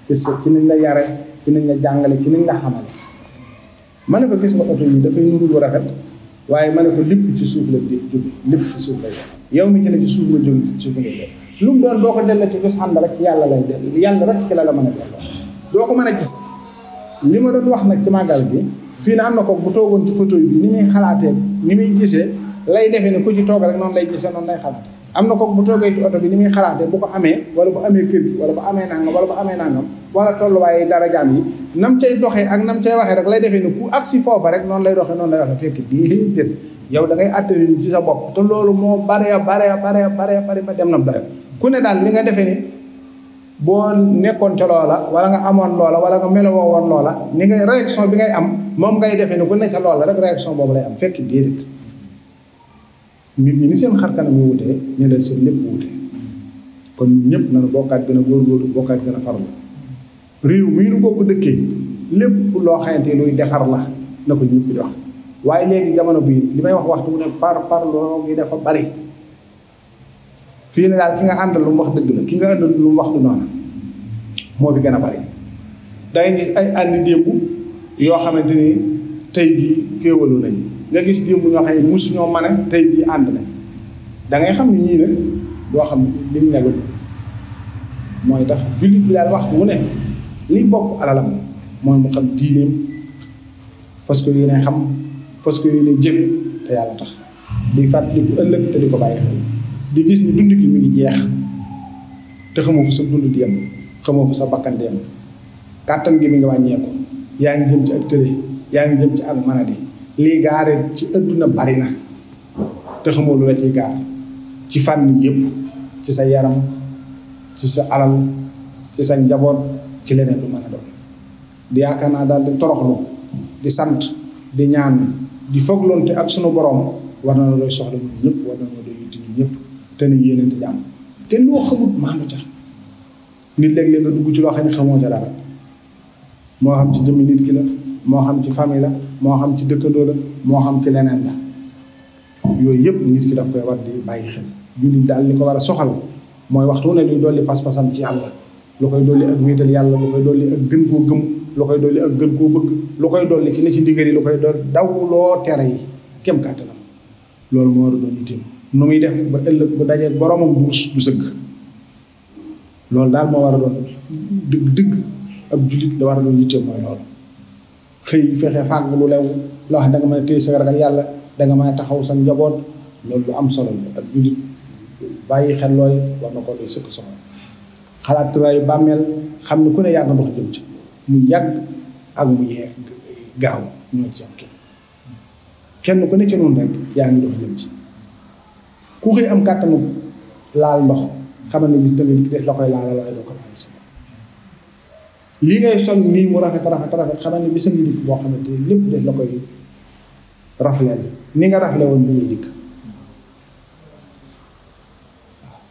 ci sa ci nañ la yare ci nañ la jàngale ci nañ la xamale ma ne ko gis nga oto yi dafay nuru lu rafet waaye ma ne ko lépp ci suuf la jóge lépp ci suuf lay yow mi ci ne ci suuf la jóge ci lu mu doon boo ko delloo ci cosaan la rek yàlla lay dell yàlla rek ci la la mën doo ko mën a gis li ma doon wax nag ci màggal bi fii na am na ko bu toogoon ci photo bi ni muy xalaatee ni muy gisee lay defee ne ku ci toog rek noonu lay gisee noonu lay xalaatee am na ko bu toogee ci oto bi ni muy xalaatee bu ko amee wala bu amee kër gi wala bu amee nangam wala bu amee nangam wala tolluwaay dara jaam yi nam cay doxee ak nam cay waxee rek lay defee ni ku agsi foofa rek noonu lay doxee noonu lay waxee fekk déedéet yow da ngay attali ni sa bopp te loolu moo baree baree baree baree bari ba dem na dayo ku ne daal li nga defee ni boo nekkoon ca loola wala nga amoon loola wala nga melowoo woon loola ni nga réaction bi ngay am moom ngay defee ni ku ne ca loola rek réaction boobu lay am fekk déedéet nit ni seen xar kanam yu ñu ñeneen seen lepp wuté kon ñepp na bokkat gëna a góorgóorlu bokkat gëna farlu réew mi ñu bokku dëkkee lepp lo xamante luy défar la nako ñepp di wax waye légui jamono bi limay wax waxtu ne par par lo ngi dafa bari fi ne dal ki nga àndal lu wax dëgg la ki nga àndal lu wax du non mo fi gëna bari da ngay gis ay andi dembu yo xamanteni tay tey jii nañu nga gis démb ñoo xam ne mus ñoo mën a tey jii ànd nañ da ngay xam ne ñii nag doo xam li ñu mooy tax jullit bi daal wax wu ne li bokk alalam mooy mu xam diineem fas ko yéene xam fas ko te yàlla tax di fàttali bu ëllëg te di ko bàyyi xel di gis ni dund gi mu ngi jeex te xamoo fu sa dund di yem xamoo fu sa bakkan di yem kàttan gi mi ngi wàññeeku yaa ngi jëm ci ak tële yaa ngi jëm ci ak manadi li gaare ci aduna bari na te xamoo lu la ci gaar ci fànn yépp ci sa yaram ci sa alal ci sa njabot ci leneen lu mëna a doon di yaakaar naa daal di toroxlu di sant di ñaan di foglonte ak suñu borom war na la doy soxla ñun ñëpp war na la doy yitti ñun ñëpp te ni yéenante jàmm te loo xamut maanu ca nit léeg-léeg nga dugg ci loo xam ne xamoo ca dara moo xam ci jëmmi nit ki la moo xam ci famille la moo xam ci dëkkandoo la moo xam ci leneen la yooyu yëpp nit ki daf koy war di bàyyi xel jullit daal li ko war a soxal mooy waxtu ne luy dolli pas-pasam ci yàlla lu koy dolli ak wéetal yàlla lu koy dolli ak gën koo gëm lu koy dolli ak gën koo bëgg lu koy dolli ci ne ci diggal yi lu koy dolli daw loo tere yi kem kàttanam loolu moo war a doon itam nu def ba ëllëg bu dajee boroomam duus du sëgg loolu daal moo war a doon dëgg dëgg ak jullit da war a doon yitteem mooy loolu xëy fexe fàgg lu lew loo xam ne da nga mën a téye sa ragal yàlla danga nga taxaw sa njaboot loolu lu am solo la ak jullit bàyyi xel loolu war na koo doy sëkk soxla xalaat turaayu bàmmeel xam ne ku ne yàgg ndox jëm ci mu yàgg ak mu kenn ku ne ci noonu rek yaa ngi jëm ci ku xëy am kàttanu laal ndox xamal ne bis dëgg des la koy laal la koy li ngay sol nii mu rafet rafet rafet xanaa ne bi sa dikk boo xamante ne lépp def la koy rafleel ni nga rafle woon bi ngay dikk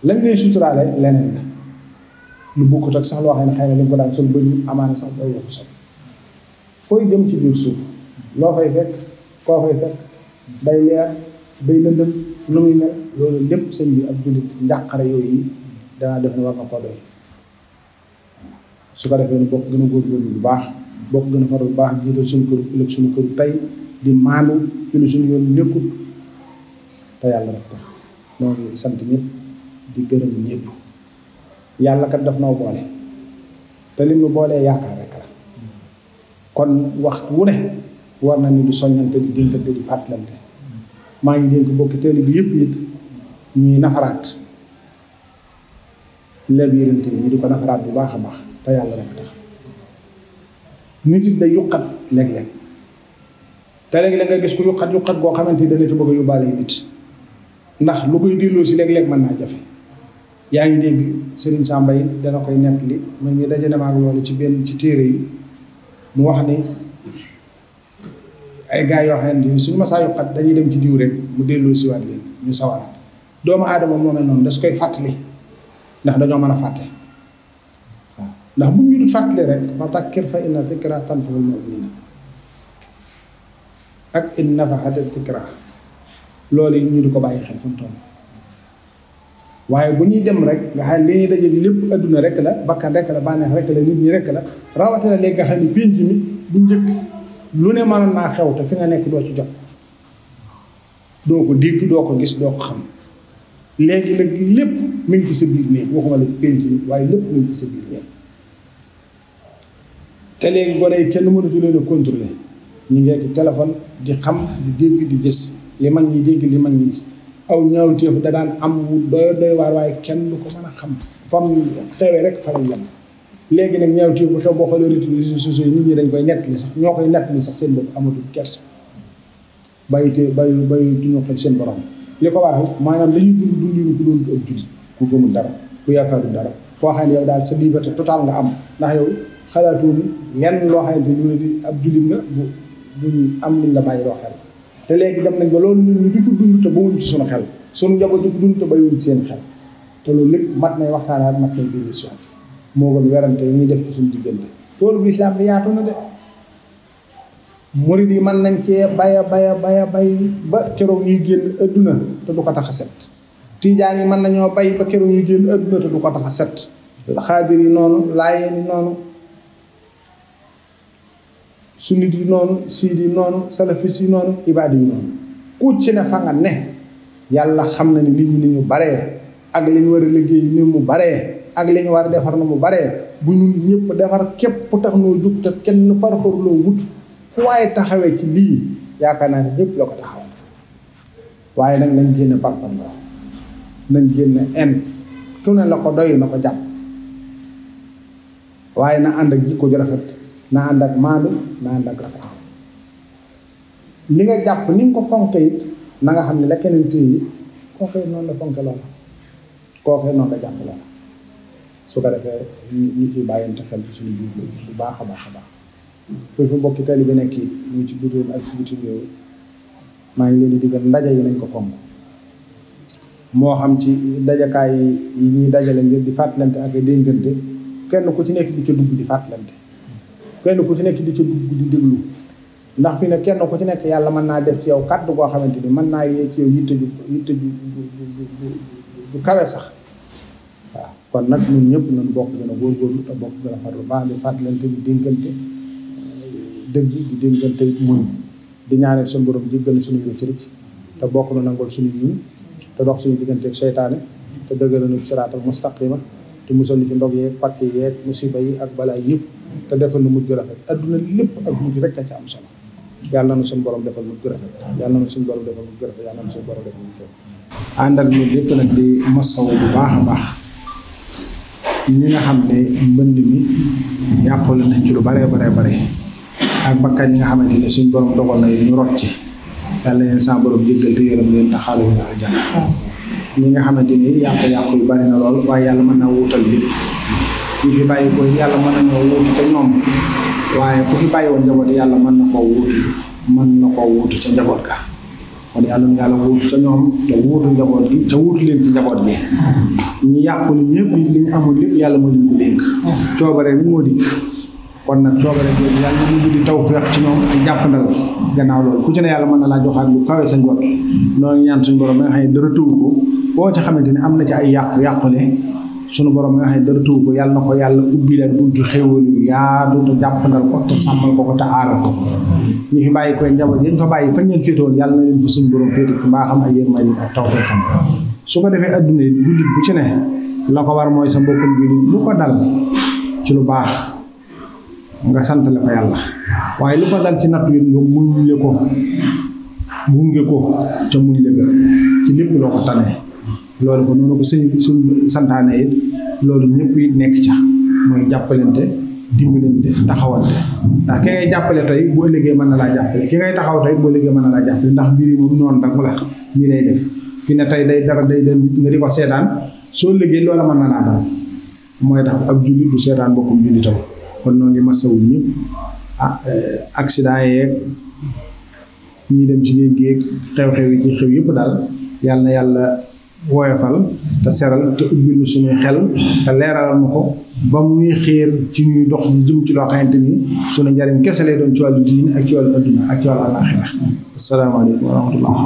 lañ ngay suturaale sol ba ñu amaana sax day ci biir suuf loo fay fekk koo fay fekk day leer day lëndëm nu muy mel lépp sëñ bi ak jullit njàqare yooyu danaa def ne war na koo doy su ko defee bokk gën a góorgóorlu bu baax bokk gën a faru bu baax jiital suñu kër ëllëg suñu kër tey di maandu ci lu suñu yoon nekkul te yàlla rek tax ñoo sant ñëpp di gërëm ñëpp yàlla kat daf noo boole te li mu boolee yaakaar rek la kon waxtu wu ne war na ni di soññante di dénkante di fàttalante maa ngi dénk bokki teel bi yëpp it ñuy nafaraat lebiirante ñu di ko nafaraat bu baax a baax nit it day yuqat léeg-léeg te léeg-léeg nga gis ku yuqat yuqat goo xamante ni dana ci bëgg a yóbbaale nit ndax lu koy delloo si léeg-léeg mën naa jafe yaa ngi dégg Serigne Samba yi dana koy nettali man mii daje na ma ak loolu ci benn ci téere yi mu wax ni ay gaa yoo xamante ni suñu masaa yuqat dañuy dem ci diw rek mu delloo siwaat leen ñu sawaraat doomu aadama moo mel noonu das koy fàttali ndax dañoo mën a fàtte. ndax bu ñu fàttali rek fa zakkir fa inna zikra tanfaul mu'minin ak in nafaxat loolu ñu di ko bàyyi xel fa waaye bu ñuy dem rek nga xam li ñuy lépp adduna rek la bakkan rek la bànneex rek la nit ñi rek la rawatina léegi nga xam ne pénc mi bu njëkk lu ne mën naa xew te fi nga nekk doo ci jot doo ko dégg doo ko gis doo ko xam léegi nag lépp mu ngi ci sa biir néeg waxuma la ci pénc mi waaye lépp mu ngi sa biir néeg te léegi gone yi kenn mënatu leen a contrôler ñu ngi téléphone di xam di dégg di gis li mag ñi dégg li mag ñi gis aw ñaaw téef da daan am mu doy doy waaye kenn du ko mën xam fam xewee rek fa la léegi nag ñaaw téef bu xew boo xoolee réseaux yi nit ñi dañ koy nettali ñoo koy nettali sax seen bopp amatul kersa bàyyi te bàyyi bàyyi duñu xel seen borom li ko waral maanaam dañuy dund dund ku doon ab jullit ku gëmul dara ku yaakaaru dara koo xam daal sa liberté totale nga am ndax yow xalaatoon lenn loo xamante ni ab julit nga bu bu am luñ la bàyyi loo xel te léegi dem nañ ba loolu ñun ñu di ko dund te bawuñ ci sunu xel sunu njaboot di ko dund te bayiwuñ ci seen xel te loolu lépp mat nay waxtaanaat mat nay biir di moo gën werante yi ñuy def ci suñu diggante toolu bi islam bi yaatu na de murid yi man nañ cee baya baya baya bay ba keroog ñuy génn adduna te du ko tax a set tiijaan yi mën nañoo bay ba keroog ñuy génn adduna te du ko tax a set yi noonu yi noonu sunnit yi noonu siid yi noonu salafis yi noonu ibaa yi noonu ku ci ne fa nga ne yàlla xam na ni nit ñi ni ñu baree ak li ñu war a liggéey ni mu baree ak li ñu war a defar na mu baree bu ñun ñëpp defar képp tax noo jug te kenn parcours loo wut fu waaye taxawee ci lii yaakaar naa ne ñëpp la ko taxaw génn parpandoo nañ génn en la ko doy na ko jàpp waaye na ànd ak jikko ju rafet na ànd ak maandu na ànd ak rafet li nga jàpp ni ko fonke it na nga xam ne la keneen téye yi kooku noonu la fonke koo kooku noonu la jàpp loola su ko defee ñu ciy bàyyante xel ci suñu biir baax a baax a baax foofu mbokki tali bi nekk it ci biir ak si bitim réew maa ngi leen di ndaje yi nañ ko fonk moo xam ci dajakaay yi ñuy dajale ngir di fàttalante ak déngante kenn ku ci nekk di ca dugg di fàttalante kenn ku ci nekk di ci dugg di déglu ndax fi ne kenn ku ci nekk yàlla mën naa def ci yow kàddu goo xamante ni mën naa yee ci yow yitte ju yitte ju ju kawe sax waaw kon nag ñun ñëpp nañu bokk gën a góorgóorlu te bokk gën a farlu baax di fàttalante di dénkante eh, dëgg di dénkante muñ di ñaanal suñu borom jéggal suñuy rëcc rëcc te bokk na nangol suñu ñun te dox suñu digganteeg seytaane te dëgëral na siraatal mustaqima te musal ci ndog yeeg pàtte yeeg musiba yi ak balaa yëpp te defal nu mujj rafet aduna lépp ak mujj rek a ca am solo yàlla na suñu borom defal mujj rafet yàlla na suñu borom defal mujj rafet yàlla na suñu borom defal mujj rafet àndal ñu lépp nag di masawu bu baax a baax ñi nga xam ne mbënd mi yàqule nañ ci lu bare bare bare ak bakkan yi nga xamante ne suñ borom dogal na ñu rot ci yàlla leen sa borom jéggal te yërëm leen te na ñi nga xamante ni yàqu-yàqu yu bari na lool waaye yàlla man na wuutal lépp ñu fi bàyyi ko yàlla mën na ñoo wuutu te waaye ku fi bàyyi woon njaboot yàlla mën na koo mën na koo wuutu ca njaboot ga kon yàlla na yàlla wuutu ca leen ci njaboot bi ñu yàqu li yàlla moo leen ko kon nag coobare jooju taw feex ci ñoom ak jàppandal gannaaw loolu ku ci ne yàlla mën na laa joxaat lu kawe sa njort noonu ñaan suñu borom nga xam ne dara tëwu bo ci xamanteni amna ci ay yaq yàqule sunu borom nga xay ne dara tuub ko yàlla na ko yàlla ubbi leen buntu xéwal yu yaatu te jàppandal ko to sambal ko ko te aaral ko ni fi bayiko koy njaboot fa bayi fa leen fetol yalla na leen fa sunu borom fetu ko ma xam ay yërmal yi ak tawfeekam su ko defé aduna yi jullit bu ci ne la ko war moy sa mbokkum bi lu ko dal ci lu baax nga santale ko yalla waye lu ko dal ci nattu yi muñu le ko gunge ko te muñu le ga ci lepp loo ko tanee loolu ko noonu ko sëñ bi suñ santaane loolu ñëpp it nekk ca mooy jàppalante dimbalante taxawante ndax ki ngay jàppale tey boo ëllëgee mën na laa jàppale ki ngay taxaw tey bu ëllëgee mën na laa jàppale ndax mbir yi moom noonu rek la mi lay def fi ne tey day dara day dem nga di ko seetaan soo liggéey loola mën na laa daal mooy tax ab jullit du seetaan bokkum jullitam kon noo ma masawu ñëpp ah eh, accident yeeg ñii dem ci géej géej xew-xew yi ci xew yëpp daal yàlla na yàlla woyofal te seral te ubbil ñu suñuy xel te leeralal na ko ba muy xiir ci ñuy dox jëm ci loo xamante ni suñu njariñ kese lay doon ci wàllu diin ak ci wàllu adduna ak ci wàllu alaxira asalaamaaleykum wa rahmatullah